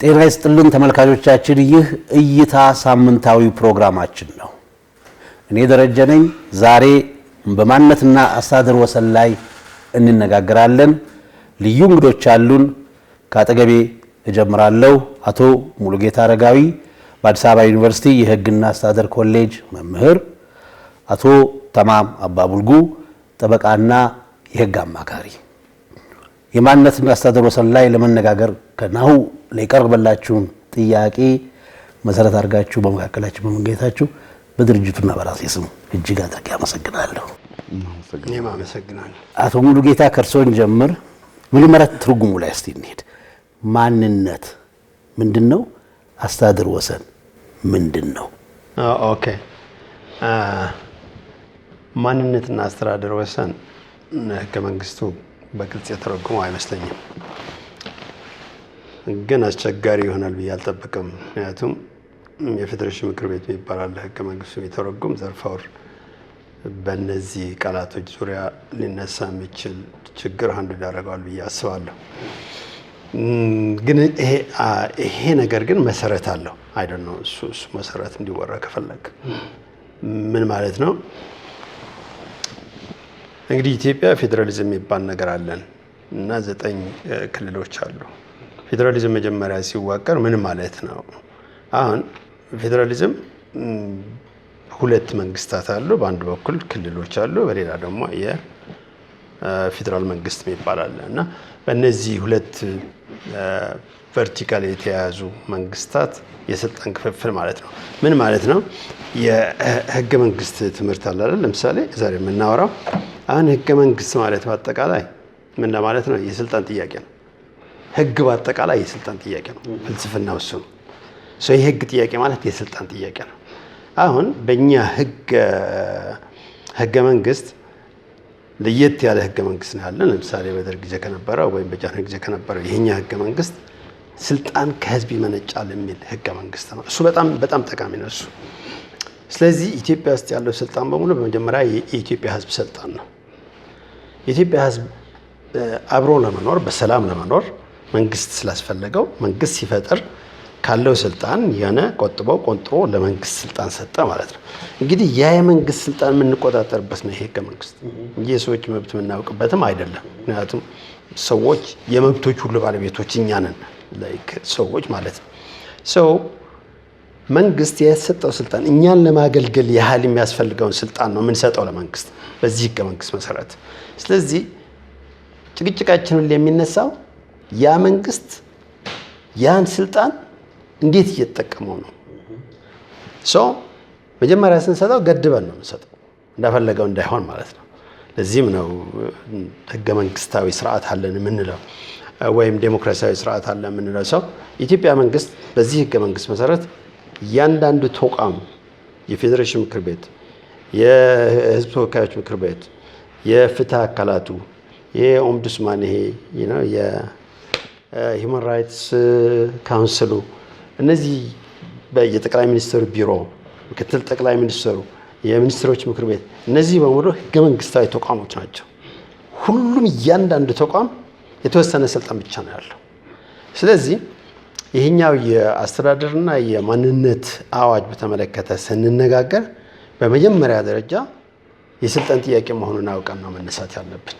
ጤና ይስጥልን ተመልካቾቻችን፣ ይህ እይታ ሳምንታዊ ፕሮግራማችን ነው። እኔ ደረጀ ነኝ። ዛሬ በማንነትና አስተዳደር ወሰን ላይ እንነጋገራለን። ልዩ እንግዶች አሉን። ከአጠገቤ እጀምራለሁ። አቶ ሙሉጌታ አረጋዊ በአዲስ አበባ ዩኒቨርሲቲ የሕግና አስተዳደር ኮሌጅ መምህር፣ አቶ ተማም አባቡልጉ ጠበቃና የሕግ አማካሪ። የማንነትና አስተዳደር ወሰን ላይ ለመነጋገር ከናሁ የቀረበላችሁን ጥያቄ መሰረት አድርጋችሁ በመካከላችሁ በመገኘታችሁ በድርጅቱና በራሴ ስም እጅግ አድርጌ አመሰግናለሁ። አቶ ሙሉ ጌታ ከእርሶን ጀምር። መጀመሪያ ትርጉሙ ላይ እስቲ እንሄድ። ማንነት ምንድን ነው? አስተዳደር ወሰን ምንድን ነው? ኦኬ ማንነትና አስተዳደር ወሰን ህገ መንግስቱ በግልጽ የተረጉመው አይመስለኝም። ግን አስቸጋሪ ይሆናል ብዬ አልጠብቅም። ምክንያቱም የፌዴሬሽን ምክር ቤት የሚባል ህገ መንግስቱ የሚተረጉም ዘርፋውር በእነዚህ ቃላቶች ዙሪያ ሊነሳ የሚችል ችግር አንዱ ያደርገዋል ብዬ አስባለሁ። ግን ይሄ ነገር ግን መሰረት አለው አይደል ነው። እሱ መሰረት እንዲወራ ከፈለግ ምን ማለት ነው? እንግዲህ ኢትዮጵያ ፌዴራሊዝም የሚባል ነገር አለን እና ዘጠኝ ክልሎች አሉ። ፌዴራሊዝም መጀመሪያ ሲዋቀር ምን ማለት ነው? አሁን ፌዴራሊዝም ሁለት መንግስታት አሉ። በአንድ በኩል ክልሎች አሉ፣ በሌላ ደግሞ የፌዴራል መንግስት የሚባል አለ እና በእነዚህ ሁለት ቨርቲካል የተያያዙ መንግስታት የስልጣን ክፍፍል ማለት ነው። ምን ማለት ነው? የህገ መንግስት ትምህርት አለለ ለምሳሌ ዛሬ የምናወራው አሁን ህገ መንግስት ማለት በአጠቃላይ ምን ለማለት ነው? የስልጣን ጥያቄ ነው። ህግ በአጠቃላይ የስልጣን ጥያቄ ነው። ፍልስፍና እሱ ነው። የህግ ጥያቄ ማለት የስልጣን ጥያቄ ነው። አሁን በእኛ ህገ መንግስት ለየት ያለ ህገ መንግስት ነው ያለን። ለምሳሌ በደርግ ጊዜ ከነበረው ወይም በጃንሆይ ጊዜ ከነበረው ይሄኛ ህገ መንግስት ስልጣን ከህዝብ ይመነጫል የሚል ህገ መንግስት ነው። እሱ በጣም በጣም ጠቃሚ ነው እሱ። ስለዚህ ኢትዮጵያ ውስጥ ያለው ስልጣን በሙሉ በመጀመሪያ የኢትዮጵያ ህዝብ ስልጣን ነው። የኢትዮጵያ ህዝብ አብሮ ለመኖር በሰላም ለመኖር መንግስት ስላስፈለገው መንግስት ሲፈጥር ካለው ስልጣን የሆነ ቆጥበው ቆንጥሮ ለመንግስት ስልጣን ሰጠ ማለት ነው። እንግዲህ ያ የመንግስት ስልጣን የምንቆጣጠርበት ነው ይሄ ህገ መንግስት እንጂ የሰዎች መብት የምናውቅበትም አይደለም። ምክንያቱም ሰዎች የመብቶች ሁሉ ባለቤቶች እኛ ነን፣ ሰዎች ማለት ነው። ሰው መንግስት የተሰጠው ስልጣን እኛን ለማገልገል ያህል የሚያስፈልገውን ስልጣን ነው የምንሰጠው ለመንግስት በዚህ ህገ መንግስት መሰረት። ስለዚህ ጭቅጭቃችን የሚነሳው ያ መንግስት ያን ስልጣን እንዴት እየተጠቀመው ነው? ሰው መጀመሪያ ስንሰጠው ገድበን ነው የምንሰጠው፣ እንዳፈለገው እንዳይሆን ማለት ነው። ለዚህም ነው ህገ መንግስታዊ ስርዓት አለን የምንለው ወይም ዴሞክራሲያዊ ስርዓት አለ የምንለው። ሰው የኢትዮጵያ መንግስት በዚህ ህገ መንግስት መሰረት እያንዳንዱ ተቋም የፌዴሬሽን ምክር ቤት፣ የህዝብ ተወካዮች ምክር ቤት፣ የፍትህ አካላቱ፣ የኦምቡድስማን ይሄ ሂውማን ራይትስ ካውንስሉ እነዚህ የጠቅላይ ሚኒስትሩ ቢሮ፣ ምክትል ጠቅላይ ሚኒስትሩ፣ የሚኒስትሮች ምክር ቤት እነዚህ በሙሉ ህገ መንግስታዊ ተቋሞች ናቸው። ሁሉም እያንዳንዱ ተቋም የተወሰነ ስልጣን ብቻ ነው ያለው። ስለዚህ ይህኛው የአስተዳደርና የማንነት አዋጅ በተመለከተ ስንነጋገር በመጀመሪያ ደረጃ የስልጣን ጥያቄ መሆኑን አውቀን ነው መነሳት ያለብን።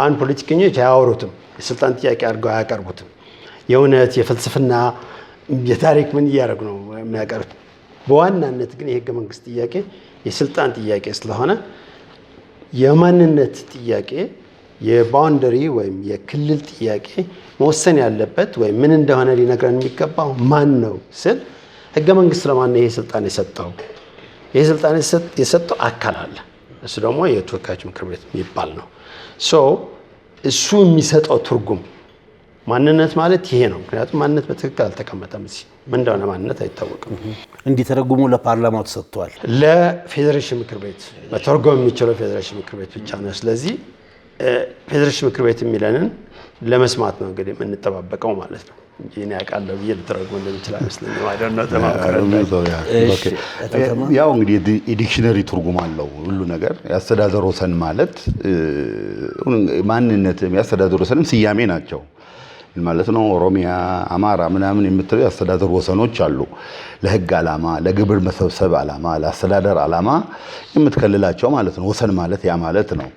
አሁን ፖለቲከኞች አያወሩትም፣ የስልጣን ጥያቄ አድርገው አያቀርቡትም። የእውነት የፍልስፍና የታሪክ ምን እያደረጉ ነው የሚያቀርቡት? በዋናነት ግን የህገ መንግስት ጥያቄ የስልጣን ጥያቄ ስለሆነ የማንነት ጥያቄ የባውንደሪ ወይም የክልል ጥያቄ መወሰን ያለበት ወይም ምን እንደሆነ ሊነግረን የሚገባው ማን ነው ስል ህገ መንግስት ለማን ነው ይሄ ስልጣን የሰጠው? ይሄ ስልጣን የሰጠው አካል አለ። እሱ ደግሞ የተወካዮች ምክር ቤት የሚባል ነው። እሱ የሚሰጠው ትርጉም ማንነት ማለት ይሄ ነው። ምክንያቱም ማንነት በትክክል አልተቀመጠም። እዚህ ምን እንደሆነ ማንነት አይታወቅም። እንዲተረጉሙ ለፓርላማው ተሰጥቷል። ለፌዴሬሽን ምክር ቤት መተርጎም የሚችለው ፌዴሬሽን ምክር ቤት ብቻ ነው። ስለዚህ ፌዴሬሽን ምክር ቤት የሚለንን ለመስማት ነው እንግዲህ የምንጠባበቀው ማለት ነው። ጂን ያውቃለሁ ብዬ ልትረጉ እንደሚችል አይመስለኝም። ያው እንግዲህ የዲክሽነሪ ትርጉም አለው ሁሉ ነገር። የአስተዳደር ወሰን ማለት ማንነትም የአስተዳደር ወሰንም ስያሜ ናቸው ማለት ነው። ኦሮሚያ፣ አማራ ምናምን የምትለው የአስተዳደር ወሰኖች አሉ። ለህግ ዓላማ፣ ለግብር መሰብሰብ ዓላማ፣ ለአስተዳደር ዓላማ የምትከልላቸው ማለት ነው። ወሰን ማለት ያ ማለት ነው።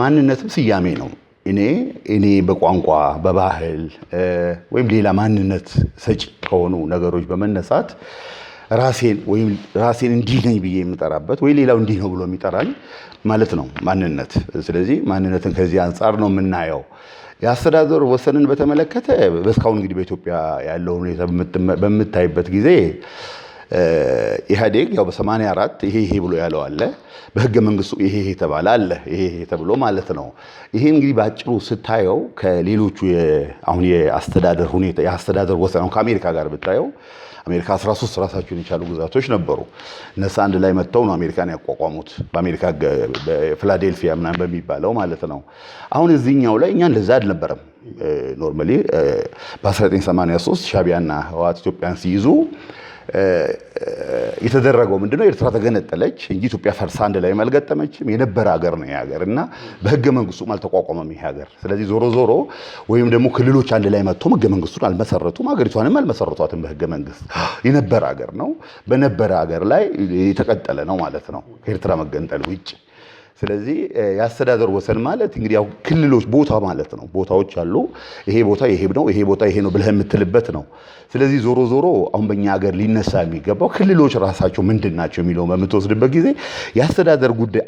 ማንነትም ስያሜ ነው። እኔ እኔ በቋንቋ በባህል ወይም ሌላ ማንነት ሰጪ ከሆኑ ነገሮች በመነሳት ራሴን ወይም ራሴን እንዲህ ነኝ ብዬ የምጠራበት ወይ ሌላው እንዲህ ነው ብሎ የሚጠራኝ ማለት ነው ማንነት። ስለዚህ ማንነትን ከዚህ አንጻር ነው የምናየው። የአስተዳደር ወሰንን በተመለከተ እስካሁን እንግዲህ በኢትዮጵያ ያለው ሁኔታ በምታይበት ጊዜ ኢህአዴግ ያው በ84 ይሄ ይሄ ብሎ ያለው አለ። በህገ መንግስቱ ይሄ ይሄ ተባለ አለ። ይሄ ይሄ ተብሎ ማለት ነው። ይሄ እንግዲህ በአጭሩ ስታየው ከሌሎቹ አሁን የአስተዳደር ሁኔታ የአስተዳደር ወሰን ከአሜሪካ ጋር ብታየው አሜሪካ 13 ራሳቸውን የቻሉ ግዛቶች ነበሩ። እነሱ አንድ ላይ መጥተው ነው አሜሪካን ያቋቋሙት በአሜሪካ በፊላዴልፊያ ምናምን በሚባለው ማለት ነው። አሁን እዚህኛው ላይ እኛ እንደዛ አልነበረም። ኖርማሊ በ1983 ሻቢያና ህወሓት ኢትዮጵያን ሲይዙ የተደረገው ምንድነው? ኤርትራ ተገነጠለች እንጂ ኢትዮጵያ ፈርሳ አንድ ላይ አልገጠመችም። የነበረ ሀገር ነው ሀገር እና በህገ መንግስቱም አልተቋቋመም ይሄ ሀገር። ስለዚህ ዞሮ ዞሮ ወይም ደግሞ ክልሎች አንድ ላይ መጥቶም ህገ መንግስቱን አልመሰረቱም፣ ሀገሪቷንም አልመሰረቷትም በህገ መንግስት። የነበረ ሀገር ነው፣ በነበረ ሀገር ላይ የተቀጠለ ነው ማለት ነው ከኤርትራ መገንጠል ውጭ ስለዚህ የአስተዳደር ወሰን ማለት እንግዲህ ያው ክልሎች ቦታ ማለት ነው። ቦታዎች አሉ። ይሄ ቦታ ይሄ ነው፣ ይሄ ቦታ ይሄ ነው ብለህ የምትልበት ነው። ስለዚህ ዞሮ ዞሮ አሁን በእኛ ሀገር ሊነሳ የሚገባው ክልሎች ራሳቸው ምንድን ናቸው የሚለውን በምትወስድበት ጊዜ የአስተዳደር ጉዳይ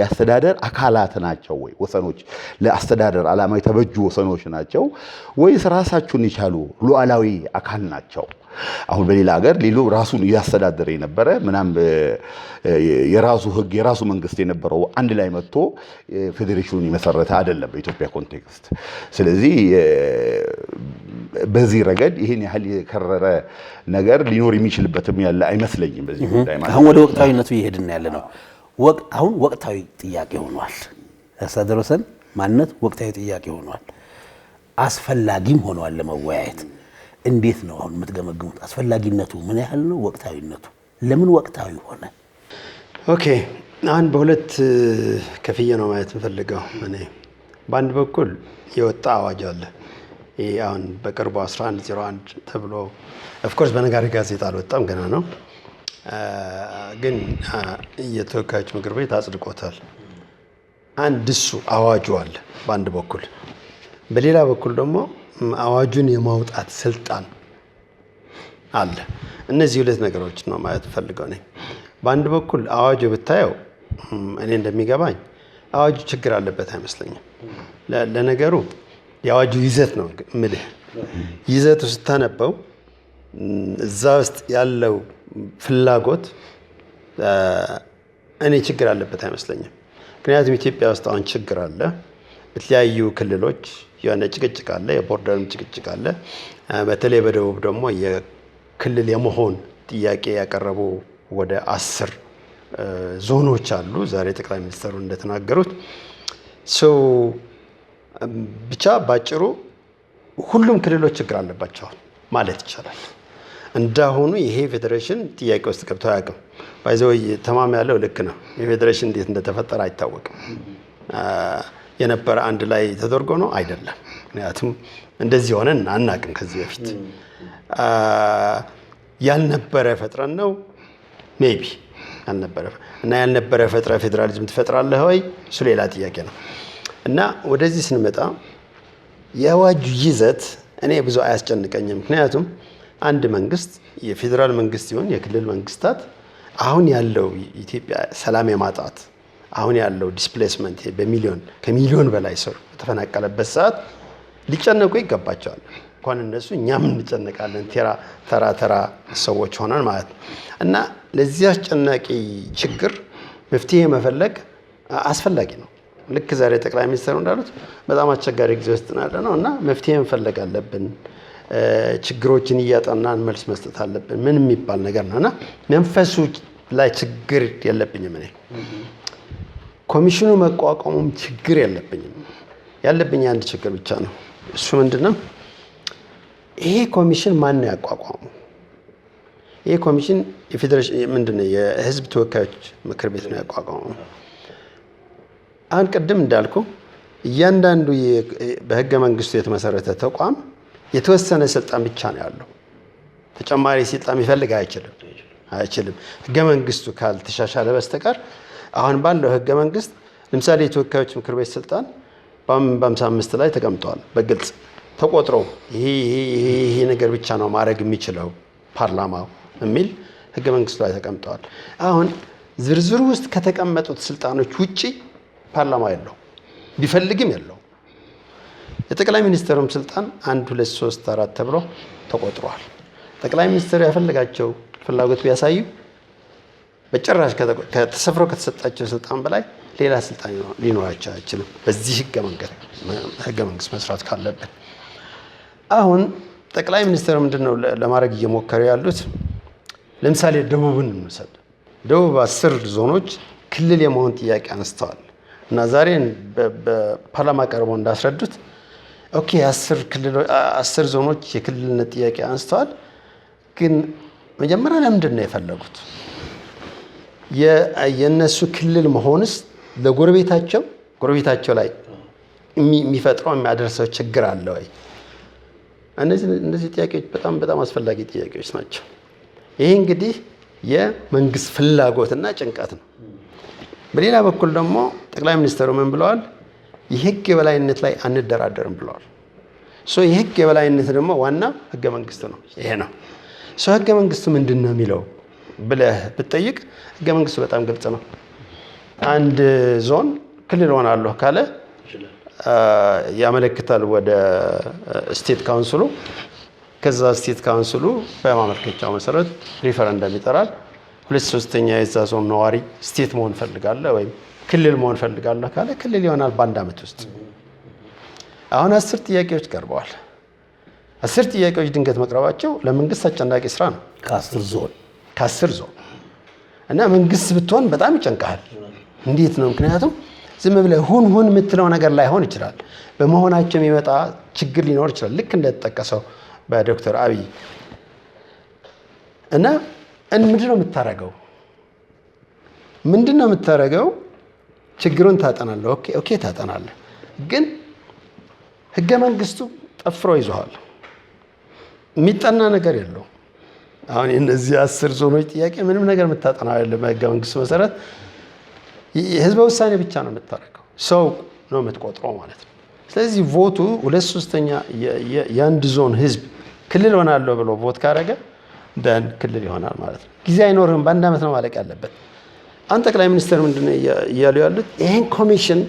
የአስተዳደር አካላት ናቸው ወይ ወሰኖች ለአስተዳደር ዓላማ የተበጁ ወሰኖች ናቸው ወይስ ራሳቸውን የቻሉ ሉዓላዊ አካል ናቸው አሁን በሌላ ሀገር ሌሎ ራሱን እያስተዳደረ የነበረ ምናም የራሱ ህግ የራሱ መንግስት የነበረው አንድ ላይ መጥቶ ፌዴሬሽኑን የመሰረተ አይደለም በኢትዮጵያ ኮንቴክስት። ስለዚህ በዚህ ረገድ ይህን ያህል የከረረ ነገር ሊኖር የሚችልበትም ያለ አይመስለኝም። በዚህ ጉዳይ ማለት አሁን ወደ ወቅታዊነቱ እየሄድን ያለ ነው። አሁን ወቅታዊ ጥያቄ ሆኗል። ያስተዳደር ወሰን ማንነት ወቅታዊ ጥያቄ ሆኗል። አስፈላጊም ሆኗል ለመወያየት እንዴት ነው አሁን የምትገመግሙት? አስፈላጊነቱ ምን ያህል ነው? ወቅታዊነቱ ለምን ወቅታዊ ሆነ? ኦኬ አሁን በሁለት ከፍዬ ነው ማየት የምፈልገው እኔ። በአንድ በኩል የወጣ አዋጅ አለ። ይህ አሁን በቅርቡ 1101 ተብሎ ኦፍኮርስ በነጋሪ ጋዜጣ አልወጣም ገና ነው፣ ግን የተወካዮች ምክር ቤት አጽድቆታል። አንድ እሱ አዋጁ አለ በአንድ በኩል፣ በሌላ በኩል ደግሞ አዋጁን የማውጣት ስልጣን አለ። እነዚህ ሁለት ነገሮች ነው ማለት ፈልገው ነኝ። በአንድ በኩል አዋጁ ብታየው እኔ እንደሚገባኝ አዋጁ ችግር አለበት አይመስለኝም። ለነገሩ የአዋጁ ይዘት ነው ምልህ ይዘቱ ስታነበው እዛ ውስጥ ያለው ፍላጎት እኔ ችግር አለበት አይመስለኝም። ምክንያቱም ኢትዮጵያ ውስጥ አሁን ችግር አለ በተለያዩ ክልሎች የሆነ ጭቅጭቅ አለ፣ የቦርደርም ጭቅጭቅ አለ። በተለይ በደቡብ ደግሞ የክልል የመሆን ጥያቄ ያቀረቡ ወደ አስር ዞኖች አሉ። ዛሬ ጠቅላይ ሚኒስትሩ እንደተናገሩት ሰው ብቻ ባጭሩ ሁሉም ክልሎች ችግር አለባቸዋል ማለት ይቻላል። እንዳሁኑ ይሄ ፌዴሬሽን ጥያቄ ውስጥ ገብቶ አያውቅም። ባይዘወይ ተማም ያለው ልክ ነው። የፌዴሬሽን እንዴት እንደተፈጠረ አይታወቅም። የነበረ አንድ ላይ ተደርጎ ነው አይደለም። ምክንያቱም እንደዚህ ሆነን አናቅም። ከዚህ በፊት ያልነበረ ፈጥረን ነው ቢ ያልነበረ እና ያልነበረ ፈጥረ ፌዴራሊዝም ትፈጥራለህ ወይ? እሱ ሌላ ጥያቄ ነው። እና ወደዚህ ስንመጣ የአዋጁ ይዘት እኔ ብዙ አያስጨንቀኝም። ምክንያቱም አንድ መንግስት የፌዴራል መንግስት ሲሆን የክልል መንግስታት አሁን ያለው ኢትዮጵያ ሰላም የማጣት አሁን ያለው ዲስፕሌስመንት በሚሊዮን ከሚሊዮን በላይ ሰው በተፈናቀለበት ሰዓት ሊጨነቁ ይገባቸዋል። እንኳን እነሱ እኛም እንጨነቃለን፣ ተራ ተራ ሰዎች ሆነን ማለት ነው። እና ለዚህ አስጨናቂ ችግር መፍትሄ መፈለግ አስፈላጊ ነው። ልክ ዛሬ ጠቅላይ ሚኒስትሩ እንዳሉት በጣም አስቸጋሪ ጊዜ ውስጥ ያለ ነው እና መፍትሄ መፈለግ አለብን። ችግሮችን እያጠናን መልስ መስጠት አለብን። ምን የሚባል ነገር ነው እና መንፈሱ ላይ ችግር የለብኝም እኔ ኮሚሽኑ መቋቋሙም ችግር የለብኝም። ያለብኝ አንድ ችግር ብቻ ነው። እሱ ምንድን ነው? ይሄ ኮሚሽን ማን ነው ያቋቋሙ? ይሄ ኮሚሽን ምንድን ነው? የህዝብ ተወካዮች ምክር ቤት ነው ያቋቋሙ። አሁን ቅድም እንዳልኩ እያንዳንዱ በህገ መንግስቱ የተመሰረተ ተቋም የተወሰነ ስልጣን ብቻ ነው ያለው። ተጨማሪ ስልጣን ይፈልግ አይችልም አይችልም። ህገ መንግስቱ ካልተሻሻለ በስተቀር አሁን ባለው ህገ መንግስት ለምሳሌ የተወካዮች ምክር ቤት ስልጣን በአምሳ አምስት ላይ ተቀምጠዋል። በግልጽ ተቆጥሮ ይሄ ይሄ ነገር ብቻ ነው ማድረግ የሚችለው ፓርላማው የሚል ህገ መንግስቱ ላይ ተቀምጠዋል። አሁን ዝርዝሩ ውስጥ ከተቀመጡት ስልጣኖች ውጪ ፓርላማ የለው ቢፈልግም የለው። የጠቅላይ ሚኒስትሩም ስልጣን አንድ ሁለት ሶስት አራት ተብሎ ተቆጥሯል። ጠቅላይ ሚኒስትሩ ያፈልጋቸው ፍላጎት ቢያሳዩ በጭራሽ ተሰፍሮ ከተሰጣቸው ስልጣን በላይ ሌላ ስልጣን ሊኖራቸው አይችልም። በዚህ ህገ መንግስት መስራት ካለብን አሁን ጠቅላይ ሚኒስትር ምንድን ነው ለማድረግ እየሞከሩ ያሉት? ለምሳሌ ደቡብን እንውሰድ። ደቡብ አስር ዞኖች ክልል የመሆን ጥያቄ አንስተዋል እና ዛሬን በፓርላማ ቀርበው እንዳስረዱት ኦኬ አስር ዞኖች የክልልነት ጥያቄ አንስተዋል። ግን መጀመሪያ ለምንድን ነው የፈለጉት? የእነሱ ክልል መሆንስ ለጎረቤታቸው ጎረቤታቸው ላይ የሚፈጥረው የሚያደርሰው ችግር አለ ወይ? እነዚህ ጥያቄዎች በጣም በጣም አስፈላጊ ጥያቄዎች ናቸው። ይህ እንግዲህ የመንግስት ፍላጎትና ጭንቀት ነው። በሌላ በኩል ደግሞ ጠቅላይ ሚኒስትሩ ምን ብለዋል? የህግ የበላይነት ላይ አንደራደርም ብለዋል። የህግ የበላይነት ደግሞ ዋና ህገ መንግስት ነው። ይሄ ነው። ህገ መንግስቱ ምንድን ነው የሚለው ብለህ ብትጠይቅ ህገ መንግስቱ በጣም ግልጽ ነው። አንድ ዞን ክልል ሆናለሁ ካለ ያመለክታል ወደ ስቴት ካውንስሉ። ከዛ ስቴት ካውንስሉ በማመልከቻው መሰረት ሪፈረንደም ይጠራል። ሁለት ሶስተኛ የዛ ዞን ነዋሪ ስቴት መሆን ፈልጋለህ ወይም ክልል መሆን ፈልጋለሁ ካለ ክልል ይሆናል በአንድ ዓመት ውስጥ። አሁን አስር ጥያቄዎች ቀርበዋል። አስር ጥያቄዎች ድንገት መቅረባቸው ለመንግስት አጨናቂ ስራ ነው። ከአስር ዞን ከአስር ዞ እና መንግስት ብትሆን በጣም ይጨንቀሃል። እንዴት ነው? ምክንያቱም ዝም ብለህ ሁን ሁን የምትለው ነገር ላይሆን ይችላል። በመሆናቸው የሚመጣ ችግር ሊኖር ይችላል። ልክ እንደተጠቀሰው በዶክተር አብይ እና ምንድን ነው የምታረገው? ምንድን ነው የምታረገው? ችግሩን ታጠናለህ። ኦኬ ታጠናለህ፣ ግን ህገ መንግስቱ ጠፍሮ ይዞሃል። የሚጠና ነገር የለው አሁን እነዚህ አስር ዞኖች ጥያቄ ምንም ነገር የምታጠናው አይደለም። በህገ መንግስቱ መሰረት የህዝበ ውሳኔ ብቻ ነው የምታደርገው። ሰው ነው የምትቆጥረው ማለት ነው። ስለዚህ ቮቱ ሁለት ሶስተኛ የአንድ ዞን ህዝብ ክልል ሆናለሁ ብሎ ቮት ካደረገ ደን ክልል ይሆናል ማለት ነው። ጊዜ አይኖርም። በአንድ ዓመት ነው ማለቅ ያለበት። አንድ ጠቅላይ ሚኒስትር ምንድን እያሉ ያሉት? ይህን ኮሚሽን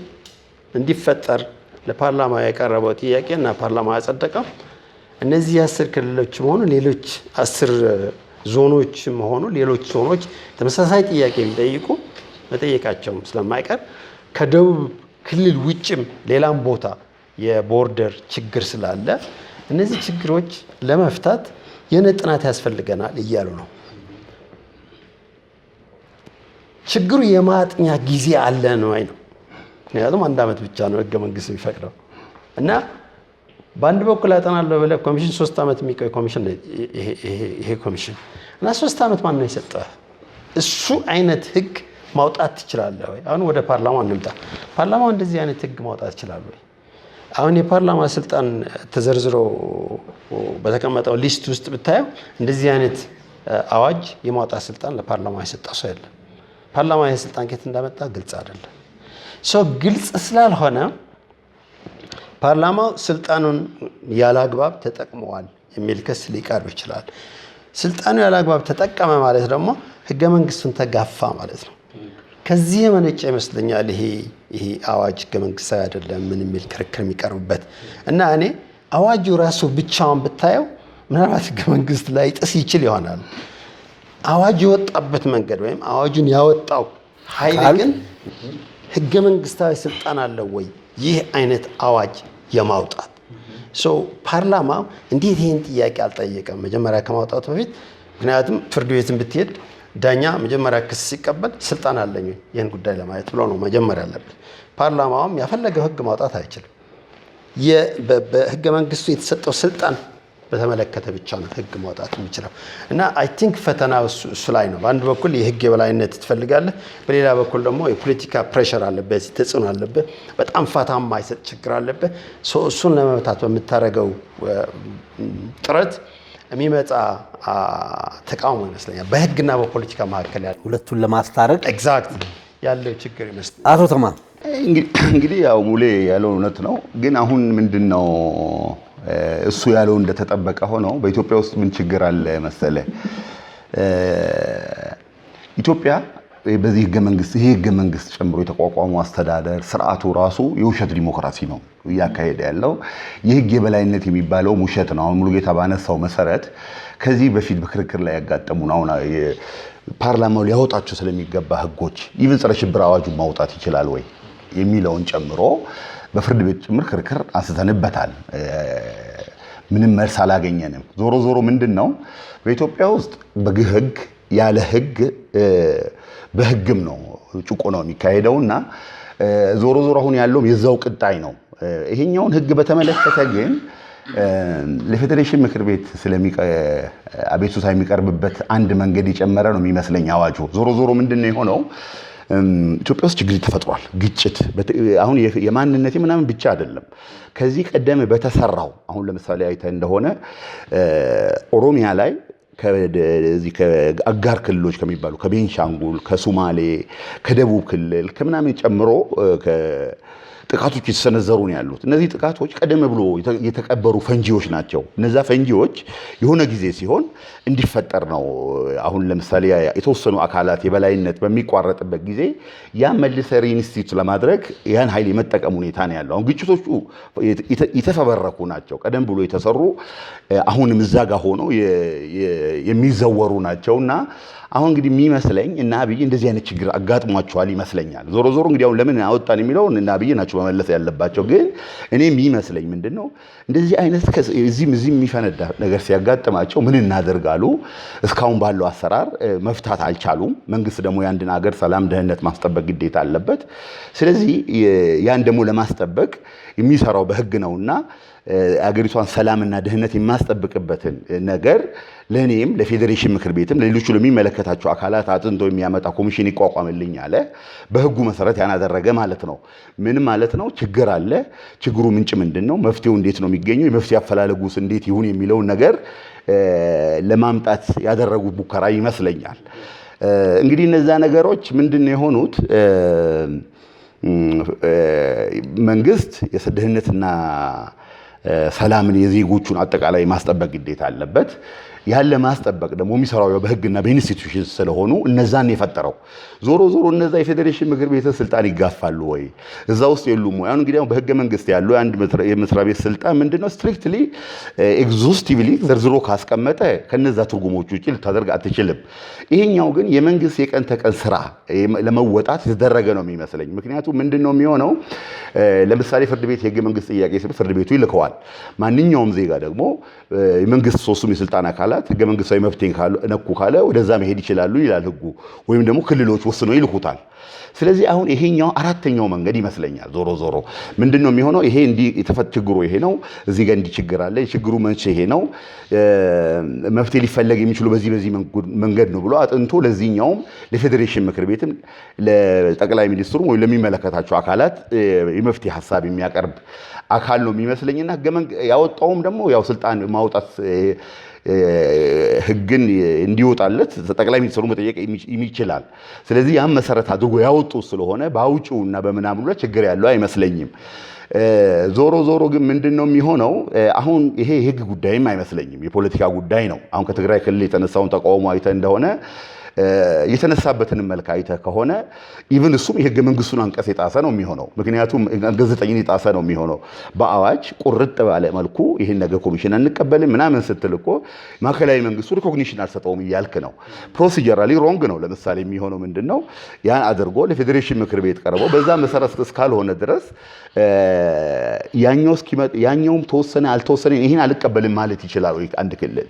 እንዲፈጠር ለፓርላማ የቀረበው ጥያቄ እና ፓርላማ ያጸደቀው እነዚህ አስር ክልሎች መሆኑ ሌሎች አስር ዞኖች መሆኑ ሌሎች ዞኖች ተመሳሳይ ጥያቄ የሚጠይቁ መጠየቃቸውም ስለማይቀር ከደቡብ ክልል ውጭም ሌላም ቦታ የቦርደር ችግር ስላለ እነዚህ ችግሮች ለመፍታት የእውነት ጥናት ያስፈልገናል እያሉ ነው። ችግሩ የማጥኛ ጊዜ አለ ነው አይ ነው። ምክንያቱም አንድ ዓመት ብቻ ነው ህገ መንግስት የሚፈቅደው እና በአንድ በኩል አጠናለሁ ብለህ ኮሚሽን ሶስት ዓመት የሚቆይ ኮሚሽን ይሄ ኮሚሽን እና ሶስት ዓመት ማን ነው የሰጠህ? እሱ አይነት ህግ ማውጣት ትችላለህ ወይ? አሁን ወደ ፓርላማ እንምጣ። ፓርላማው እንደዚህ አይነት ህግ ማውጣት ይችላል ወይ? አሁን የፓርላማ ስልጣን ተዘርዝሮ በተቀመጠው ሊስት ውስጥ ብታየው እንደዚህ አይነት አዋጅ የማውጣት ስልጣን ለፓርላማ የሰጠው ሰው የለም። ፓርላማ ይህ ስልጣን ከየት እንዳመጣ ግልጽ አይደለም። ሰው ግልጽ ስላልሆነ ፓርላማው ስልጣኑን ያለ አግባብ ተጠቅመዋል የሚል ክስ ሊቀርብ ይችላል። ስልጣኑ ያለ አግባብ ተጠቀመ ማለት ደግሞ ህገ መንግስቱን ተጋፋ ማለት ነው። ከዚህ የመነጨ ይመስለኛል ይሄ ይሄ አዋጅ ህገ መንግስታዊ አይደለም ምን የሚል ክርክር የሚቀርብበት እና እኔ አዋጁ ራሱ ብቻውን ብታየው ምናልባት ህገ መንግስት ላይ ጥስ ይችል ይሆናል። አዋጅ የወጣበት መንገድ ወይም አዋጁን ያወጣው ኃይል ግን ህገ መንግስታዊ ስልጣን አለው ወይ? ይህ አይነት አዋጅ የማውጣት ፓርላማ እንዴት ይህን ጥያቄ አልጠየቀም መጀመሪያ ከማውጣቱ በፊት? ምክንያቱም ፍርድ ቤትን ብትሄድ ዳኛ መጀመሪያ ክስ ሲቀበል ስልጣን አለኝ ይህን ጉዳይ ለማየት ብሎ ነው መጀመሪያ ያለብን። ፓርላማውም ያፈለገው ህግ ማውጣት አይችልም። በህገ መንግስቱ የተሰጠው ስልጣን በተመለከተ ብቻ ነው ህግ ማውጣት የሚችለው እና አይ ቲንክ ፈተና እሱ ላይ ነው። በአንድ በኩል የህግ የበላይነት ትፈልጋለህ፣ በሌላ በኩል ደግሞ የፖለቲካ ፕሬሽር አለበት፣ ተጽዕኖ አለበት፣ በጣም ፋታ ማይሰጥ ችግር አለብህ። እሱን ለመብታት በምታደርገው ጥረት የሚመጣ ተቃውሞ ይመስለኛል በህግና በፖለቲካ መካከል ያለ ሁለቱን ለማስታረቅ ኤግዛክት ያለው ችግር ይመስለኛል። አቶ ተማ እንግዲህ ያው ሙሌ ያለው እውነት ነው፣ ግን አሁን ምንድን ነው እሱ ያለው እንደተጠበቀ ሆኖ በኢትዮጵያ ውስጥ ምን ችግር አለ መሰለ፣ ኢትዮጵያ በዚህ ህገ መንግስት ይሄ ህገ መንግስት ጨምሮ የተቋቋሙ አስተዳደር ስርዓቱ ራሱ የውሸት ዲሞክራሲ ነው እያካሄደ ያለው። የህግ የበላይነት የሚባለው ውሸት ነው። አሁን ሙሉጌታ ባነሳው መሰረት ከዚህ በፊት በክርክር ላይ ያጋጠሙን አሁን ፓርላማው ሊያወጣቸው ስለሚገባ ህጎች ይብን ጸረ ሽብር አዋጁ ማውጣት ይችላል ወይ የሚለውን ጨምሮ በፍርድ ቤት ጭምር ክርክር አንስተንበታል። ምንም መልስ አላገኘንም። ዞሮ ዞሮ ምንድን ነው በኢትዮጵያ ውስጥ በግህግ ያለ ህግ በህግም ነው ነው የሚካሄደው እና ዞሮ ዞሮ አሁን ያለውም የዛው ቅጣይ ነው። ይሄኛውን ህግ በተመለከተ ግን ለፌዴሬሽን ምክር ቤት አቤቱታ የሚቀርብበት አንድ መንገድ የጨመረ ነው የሚመስለኝ አዋጁ። ዞሮ ዞሮ ምንድን ነው የሆነው ኢትዮጵያ ውስጥ ችግር ተፈጥሯል። ግጭት አሁን የማንነቴ ምናምን ብቻ አይደለም። ከዚህ ቀደም በተሰራው አሁን ለምሳሌ አይተ እንደሆነ ኦሮሚያ ላይ አጋር ክልሎች ከሚባሉ ከቤንሻንጉል፣ ከሱማሌ፣ ከደቡብ ክልል ከምናምን ጨምሮ ጥቃቶች የተሰነዘሩ ነው ያሉት። እነዚህ ጥቃቶች ቀደም ብሎ የተቀበሩ ፈንጂዎች ናቸው። እነዛ ፈንጂዎች የሆነ ጊዜ ሲሆን እንዲፈጠር ነው። አሁን ለምሳሌ የተወሰኑ አካላት የበላይነት በሚቋረጥበት ጊዜ ያ መልሰ ሪኢንስቲቱት ለማድረግ ያን ኃይል የመጠቀም ሁኔታ ነው ያለው። አሁን ግጭቶቹ የተፈበረኩ ናቸው። ቀደም ብሎ የተሰሩ አሁንም እዛ ጋር ሆነው የሚዘወሩ ናቸውና አሁን እንግዲህ የሚመስለኝ እና አብይ እንደዚህ አይነት ችግር አጋጥሟቸዋል ይመስለኛል። ዞሮ ዞሮ እንግዲህ አሁን ለምን አወጣን የሚለውን እና አብይ ናቸው መመለስ ያለባቸው። ግን እኔ የሚመስለኝ ምንድን ነው እንደዚህ አይነት እዚህም እዚህም የሚፈነዳ ነገር ሲያጋጥማቸው ምን እናደርጋሉ? እስካሁን ባለው አሰራር መፍታት አልቻሉም። መንግስት ደግሞ የአንድን ሀገር ሰላም፣ ደህንነት ማስጠበቅ ግዴታ አለበት። ስለዚህ ያን ደግሞ ለማስጠበቅ የሚሰራው በህግ ነውና አገሪቷን ሰላምና ደህንነት የማስጠብቅበትን ነገር ለእኔም ለፌዴሬሽን ምክር ቤትም ለሌሎቹ ለሚመለከታቸው አካላት አጥንቶ የሚያመጣ ኮሚሽን ይቋቋምልኝ አለ። በህጉ መሰረት ያናደረገ ማለት ነው። ምን ማለት ነው? ችግር አለ። ችግሩ ምንጭ ምንድን ነው? መፍትሄው እንዴት ነው የሚገኘው? የመፍትሄ አፈላለጉስ እንዴት ይሁን የሚለውን ነገር ለማምጣት ያደረጉ ሙከራ ይመስለኛል። እንግዲህ እነዛ ነገሮች ምንድን ነው የሆኑት? መንግስት የደህንነትና ሰላምን የዜጎቹን አጠቃላይ ማስጠበቅ ግዴታ አለበት። ያን ለማስጠበቅ ደግሞ የሚሰራው በህግና በኢንስቲትዩሽን ስለሆኑ እነዛን የፈጠረው ዞሮ ዞሮ እነዛ የፌዴሬሽን ምክር ቤት ስልጣን ይጋፋሉ ወይ እዛ ውስጥ የሉም ወይ? አሁን እንግዲህ በህገ መንግስት ያለው የአንድ የመስሪያ ቤት ስልጣን ምንድነው? ስትሪክትሊ ኤግዞስቲቭሊ ዘርዝሮ ካስቀመጠ ከነዛ ትርጉሞች ውጭ ልታደርግ አትችልም። ይሄኛው ግን የመንግስት የቀን ተቀን ስራ ለመወጣት የተደረገ ነው የሚመስለኝ። ምክንያቱም ምንድነው የሚሆነው? ለምሳሌ ፍርድ ቤት የህገ መንግስት ጥያቄ ፍርድ ቤቱ ይልከዋል። ማንኛውም ዜጋ ደግሞ የመንግስት ሶስቱም የስልጣን አካል አካላት ህገ መንግስታዊ መፍትሄ ነኩ ካለ ወደዛ መሄድ ይችላሉ ይላል ህጉ። ወይም ደግሞ ክልሎች ወስነው ይልኩታል። ስለዚህ አሁን ይሄኛው አራተኛው መንገድ ይመስለኛል። ዞሮ ዞሮ ምንድን ነው የሚሆነው? ይሄ እንዲህ ችግሩ ይሄ ነው፣ እዚህ ጋር እንዲህ ችግር አለ፣ የችግሩ መንስኤ ይሄ ነው፣ መፍትሄ ሊፈለግ የሚችሉ በዚህ በዚህ መንገድ ነው ብሎ አጥንቶ ለዚህኛውም ለፌዴሬሽን ምክር ቤትም ለጠቅላይ ሚኒስትሩም ወይም ለሚመለከታቸው አካላት የመፍትሄ ሀሳብ የሚያቀርብ አካል ነው የሚመስለኝና ያወጣውም ደግሞ ያው ስልጣን ማውጣት ህግን እንዲወጣለት ጠቅላይ ሚኒስትሩ መጠየቅ ይችላል። ስለዚህ ያም መሰረት አድርጎ ያወጡ ስለሆነ እና በምናምኑ ላይ ችግር ያለው አይመስለኝም። ዞሮ ዞሮ ግን ምንድን ነው የሚሆነው? አሁን ይሄ የህግ ጉዳይም አይመስለኝም፣ የፖለቲካ ጉዳይ ነው። አሁን ከትግራይ ክልል የተነሳውን ተቃውሞ አይተ እንደሆነ የተነሳበትን መልክ አይተህ ከሆነ ኢቭን እሱም የህገ መንግስቱን አንቀጽ የጣሰ ነው የሚሆነው። ምክንያቱም አንቀጽ ዘጠኝን የጣሰ ነው የሚሆነው። በአዋጅ ቁርጥ ባለ መልኩ ይህን ነገር ኮሚሽን አንቀበልም ምናምን ስትል እኮ ማዕከላዊ መንግስቱ ሪኮግኒሽን አልሰጠውም እያልክ ነው። ፕሮሲጀራሊ ሮንግ ነው። ለምሳሌ የሚሆነው ምንድን ነው? ያን አድርጎ ለፌዴሬሽን ምክር ቤት ቀርቦ በዛ መሰረት እስካልሆነ ድረስ ያኛውም ተወሰነ አልተወሰነ ይህን አልቀበልም ማለት ይችላል አንድ ክልል።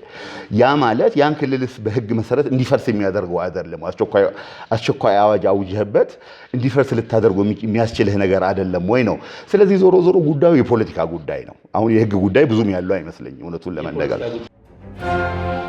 ያ ማለት ያን ክልልስ በህግ መሰረት እንዲፈርስ የሚያደርገው ልታደርገው አይደለም። አስቸኳይ አዋጅ አውጅህበት እንዲፈርስ ልታደርገው የሚያስችልህ ነገር አይደለም ወይ ነው። ስለዚህ ዞሮ ዞሮ ጉዳዩ የፖለቲካ ጉዳይ ነው። አሁን የህግ ጉዳይ ብዙም ያለው አይመስለኝም እውነቱን ለመነጋገር